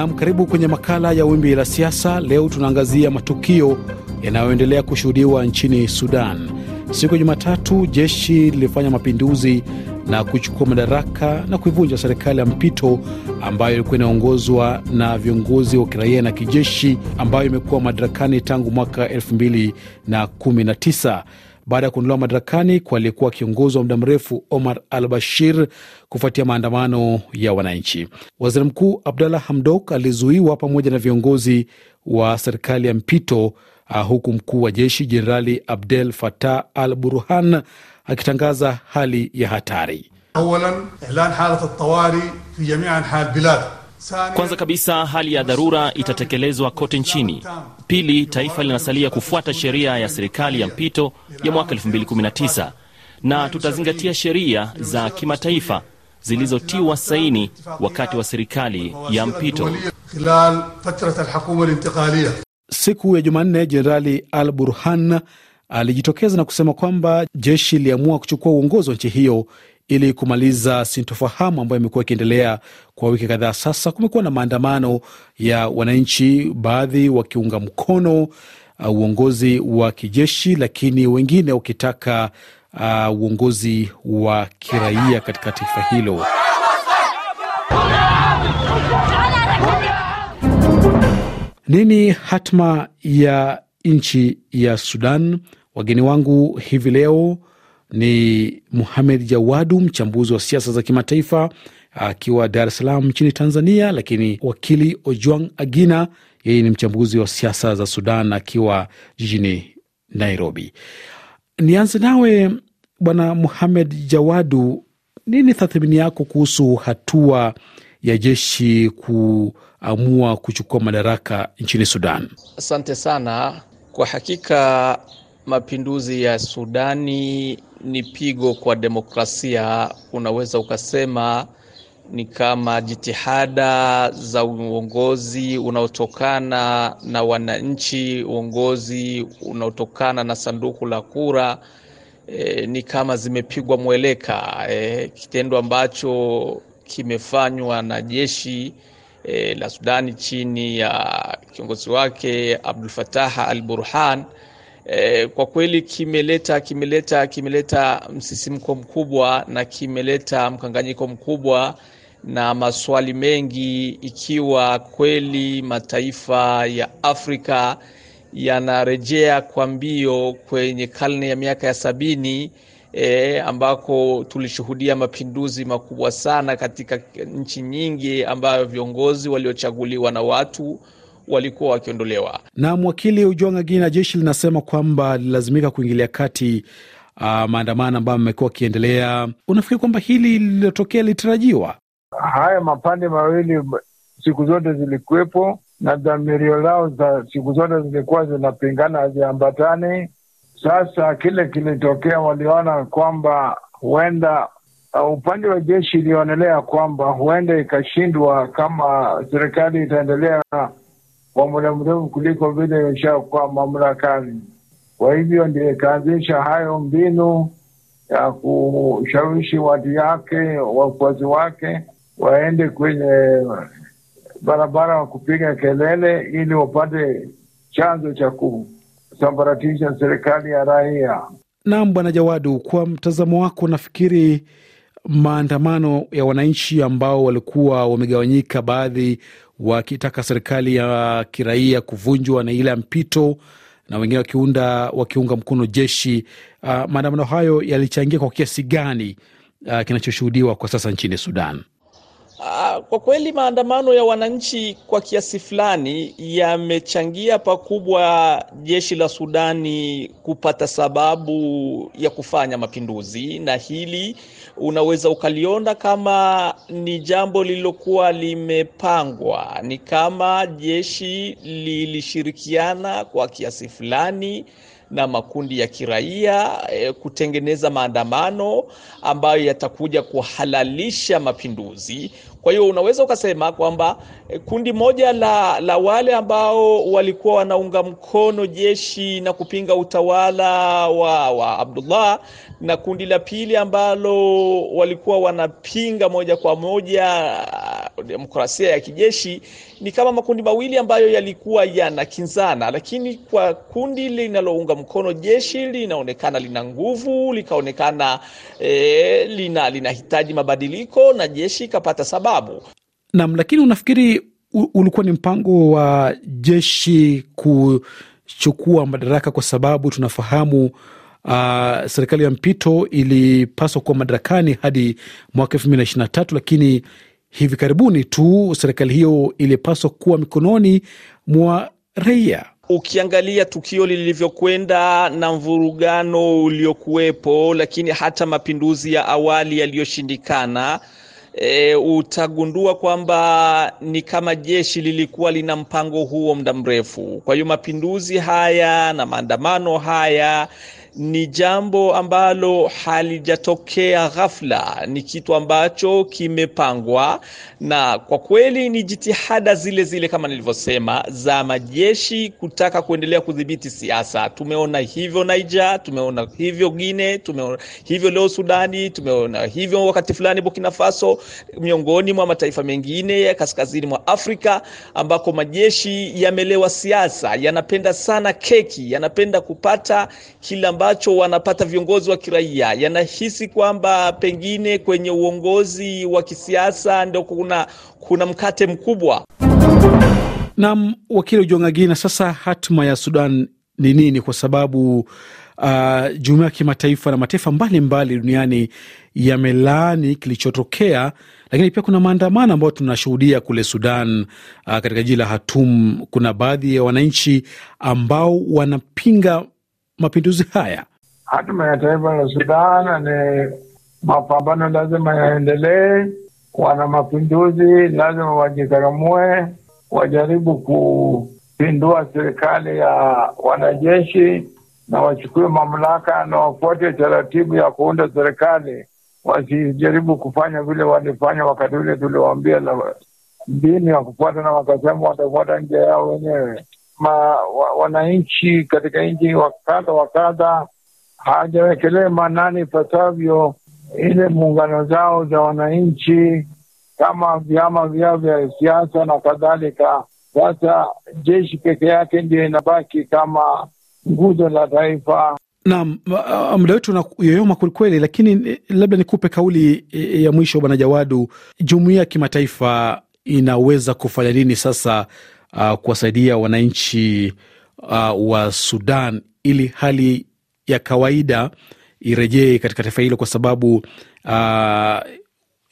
Nam, karibu kwenye makala ya Wimbi la Siasa. Leo tunaangazia matukio yanayoendelea kushuhudiwa nchini Sudan. Siku ya Jumatatu, jeshi lilifanya mapinduzi na kuchukua madaraka na kuivunja serikali ya mpito ambayo ilikuwa inaongozwa na viongozi wa kiraia na kijeshi ambayo imekuwa madarakani tangu mwaka 219 baada ya kuondolewa madarakani kwa aliyekuwa kiongozi wa muda mrefu Omar al Bashir kufuatia maandamano ya wananchi. Waziri Mkuu Abdallah Hamdok alizuiwa pamoja na viongozi wa serikali ya mpito uh, huku mkuu wa jeshi Jenerali Abdel fatah al Burhan akitangaza hali ya hatari. Awalan, ilan halat at fi jami' bilad kwanza kabisa, hali ya dharura itatekelezwa kote nchini. Pili, taifa linasalia kufuata sheria ya serikali ya mpito ya mwaka 2019 na tutazingatia sheria za kimataifa zilizotiwa saini wakati wa serikali ya mpito. Siku ya Jumanne, Jenerali Al Burhan alijitokeza na kusema kwamba jeshi liliamua kuchukua uongozi wa nchi hiyo ili kumaliza sintofahamu ambayo imekuwa ikiendelea kwa wiki kadhaa sasa. Kumekuwa na maandamano ya wananchi, baadhi wakiunga mkono uh, uongozi wa kijeshi, lakini wengine wakitaka uh, uongozi wa kiraia katika taifa hilo. Nini hatma ya nchi ya Sudan? Wageni wangu hivi leo ni Muhamed Jawadu, mchambuzi wa siasa za kimataifa akiwa Dar es Salaam nchini Tanzania, lakini wakili Ojuang Agina, yeye ni mchambuzi wa siasa za Sudan akiwa jijini Nairobi. Nianze nawe Bwana Muhamed Jawadu, nini tathmini yako kuhusu hatua ya jeshi kuamua kuchukua madaraka nchini Sudan? Asante sana. Kwa hakika mapinduzi ya Sudani ni pigo kwa demokrasia. Unaweza ukasema ni kama jitihada za uongozi unaotokana na wananchi, uongozi unaotokana na sanduku la kura e, ni kama zimepigwa mweleka e, kitendo ambacho kimefanywa na jeshi e, la Sudani chini ya kiongozi wake Abdul Fattah al-Burhan eh, kwa kweli kimeleta kimeleta kimeleta msisimko mkubwa na kimeleta mkanganyiko mkubwa na maswali mengi, ikiwa kweli mataifa ya Afrika yanarejea kwa mbio kwenye karne ya miaka ya sabini e, ambako tulishuhudia mapinduzi makubwa sana katika nchi nyingi ambayo viongozi waliochaguliwa na watu walikuwa wakiondolewa. Na mwakili Ujwanga Gina, jeshi linasema kwamba lililazimika kuingilia kati uh, maandamano ambayo amekuwa akiendelea. Unafikiri kwamba hili lililotokea lilitarajiwa? Haya mapande mawili siku zote zilikuwepo na dhamirio lao za siku zote zilikuwa zinapingana, haziambatani. Sasa kile kilitokea, waliona kwamba huenda uh, upande wa jeshi ilionelea kwamba huenda ikashindwa kama serikali itaendelea kwa muda mrefu kuliko vile imeshakuwa mamlakani. Kwa hivyo ndiye ikaanzisha hayo mbinu ya kushawishi watu yake wafuasi wake waende kwenye barabara wa kupiga kelele ili wapate chanzo cha kusambaratisha serikali ya raia. Naam, Bwana Jawadu, kwa mtazamo wako, nafikiri maandamano ya wananchi ambao walikuwa wamegawanyika, baadhi wakitaka serikali ya kiraia kuvunjwa na ile ya mpito na wengine wakiunda wakiunga mkono jeshi. Uh, maandamano hayo yalichangia kwa kiasi gani uh, kinachoshuhudiwa kwa sasa nchini Sudan? Ah, kwa kweli maandamano ya wananchi kwa kiasi fulani yamechangia pakubwa jeshi la Sudani kupata sababu ya kufanya mapinduzi, na hili unaweza ukaliona kama ni jambo lililokuwa limepangwa, ni kama jeshi lilishirikiana kwa kiasi fulani na makundi ya kiraia e, kutengeneza maandamano ambayo yatakuja kuhalalisha mapinduzi. Kwa hiyo unaweza ukasema kwamba e, kundi moja la, la wale ambao walikuwa wanaunga mkono jeshi na kupinga utawala wa, wa Abdullah na kundi la pili ambalo walikuwa wanapinga moja kwa moja demokrasia ya kijeshi ni kama makundi mawili ambayo yalikuwa yanakinzana, lakini kwa kundi linalounga mkono jeshi linaonekana lina nguvu, likaonekana e, lina linahitaji mabadiliko na jeshi ikapata sababu nam. Lakini unafikiri ulikuwa ni mpango wa jeshi kuchukua madaraka, kwa sababu tunafahamu Uh, serikali ya mpito ilipaswa kuwa madarakani hadi mwaka elfu mbili na ishirini na tatu lakini Hivi karibuni tu serikali hiyo ilipaswa kuwa mikononi mwa raia. Ukiangalia tukio lilivyokwenda na mvurugano uliokuwepo, lakini hata mapinduzi ya awali yaliyoshindikana, e, utagundua kwamba ni kama jeshi lilikuwa lina mpango huo muda mrefu. Kwa hiyo mapinduzi haya na maandamano haya ni jambo ambalo halijatokea ghafla, ni kitu ambacho kimepangwa, na kwa kweli ni jitihada zile zile kama nilivyosema za majeshi kutaka kuendelea kudhibiti siasa. Tumeona hivyo Niger, tumeona hivyo Guinea, tumeona hivyo leo Sudani, tumeona hivyo wakati fulani Burkina Faso, miongoni mwa mataifa mengine ya kaskazini mwa Afrika ambako majeshi yamelewa siasa, yanapenda sana keki, yanapenda kupata kila ambacho wanapata viongozi wa kiraia yanahisi kwamba pengine kwenye uongozi wa kisiasa ndio kuna, kuna mkate mkubwa. Nam wakili Ujong'agi, na sasa hatima ya Sudan ni nini? Kwa sababu uh, jumuiya ya kimataifa na mataifa mbalimbali duniani yamelaani kilichotokea, lakini pia kuna maandamano ambayo tunashuhudia kule Sudan. Uh, katika jiji la Hatum kuna baadhi ya wananchi ambao wanapinga mapinduzi haya. Hatima ya taifa la Sudan ni mapambano, lazima yaendelee. Wana mapinduzi lazima wajikaramue, wajaribu kupindua serikali ya wanajeshi na wachukue mamlaka na wafuate taratibu ya kuunda serikali, wasijaribu kufanya vile walifanya wakati ule tuliwaambia la dini ya kufuata, na wakasema watafuata njia yao wenyewe wa, wananchi katika nchi wa kadha wa kadha hawajawekelea manani ipasavyo ile muungano zao za wananchi kama vyama vyao vya siasa na kadhalika. Sasa jeshi peke yake ndio inabaki kama nguzo la taifa. Naam, muda wetu unayoyoma kwelikweli, lakini eh, labda nikupe kauli eh, ya mwisho, Bwana Jawadu. Jumuiya ya kimataifa inaweza kufanya nini sasa uh, kuwasaidia wananchi uh, wa Sudan ili hali ya kawaida irejee katika taifa hilo, kwa sababu uh,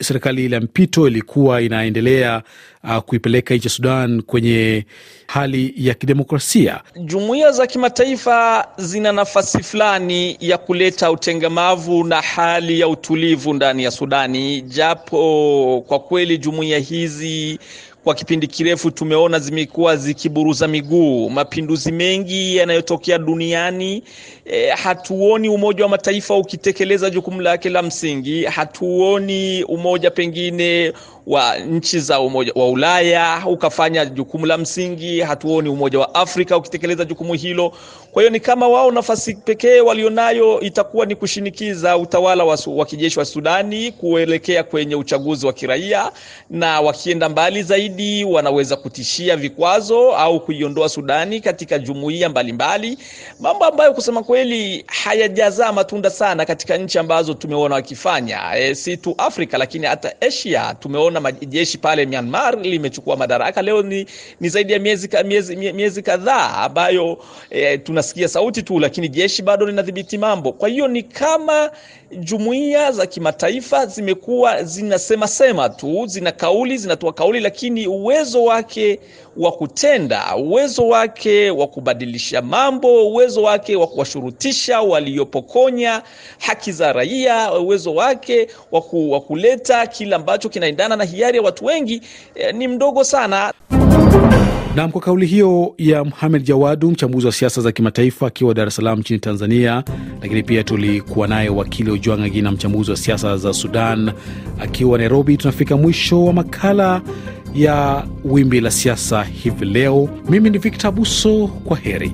serikali ile ya mpito ilikuwa inaendelea uh, kuipeleka nchi ya Sudan kwenye hali ya kidemokrasia. Jumuiya za kimataifa zina nafasi fulani ya kuleta utengamavu na hali ya utulivu ndani ya Sudani, japo kwa kweli jumuiya hizi kwa kipindi kirefu tumeona zimekuwa zikiburuza miguu. Mapinduzi mengi yanayotokea duniani e, hatuoni Umoja wa Mataifa ukitekeleza jukumu lake la msingi, hatuoni umoja pengine wa nchi za umoja wa Ulaya ukafanya jukumu la msingi, hatuoni Umoja wa Afrika ukitekeleza jukumu hilo. Kwa hiyo ni kama wao nafasi pekee walionayo itakuwa ni kushinikiza utawala wa, wa kijeshi wa Sudani kuelekea kwenye uchaguzi wa kiraia, na wakienda mbali zaidi wanaweza kutishia vikwazo au kuiondoa Sudani katika jumuiya mbalimbali, mambo ambayo kusema kweli kweli hayajazaa matunda sana katika nchi ambazo tumeona wakifanya e, si tu Afrika lakini hata Asia. Tumeona jeshi pale Myanmar limechukua madaraka leo, ni, ni zaidi ya miezi, miezi, miezi kadhaa ambayo e, tunasikia sauti tu, lakini jeshi bado linadhibiti mambo. Kwa hiyo ni kama jumuiya za kimataifa zimekuwa zinasema sema tu, zina kauli, zinatoa kauli, lakini uwezo wake wa kutenda, uwezo wake wa kubadilisha mambo, uwezo wake wa kuwashurutisha waliopokonya haki za raia, uwezo wake wa kuleta kile ambacho kinaendana na hiari ya watu wengi eh, ni mdogo sana. Nam, kwa kauli hiyo ya muhamed Jawadu, mchambuzi wa siasa za kimataifa akiwa Dar es Salaam nchini Tanzania. Lakini pia tulikuwa naye wakili Ojwang Agina, mchambuzi wa siasa za Sudan akiwa Nairobi. Tunafika mwisho wa makala ya Wimbi la Siasa hivi leo. Mimi ni Victor Buso, kwa heri.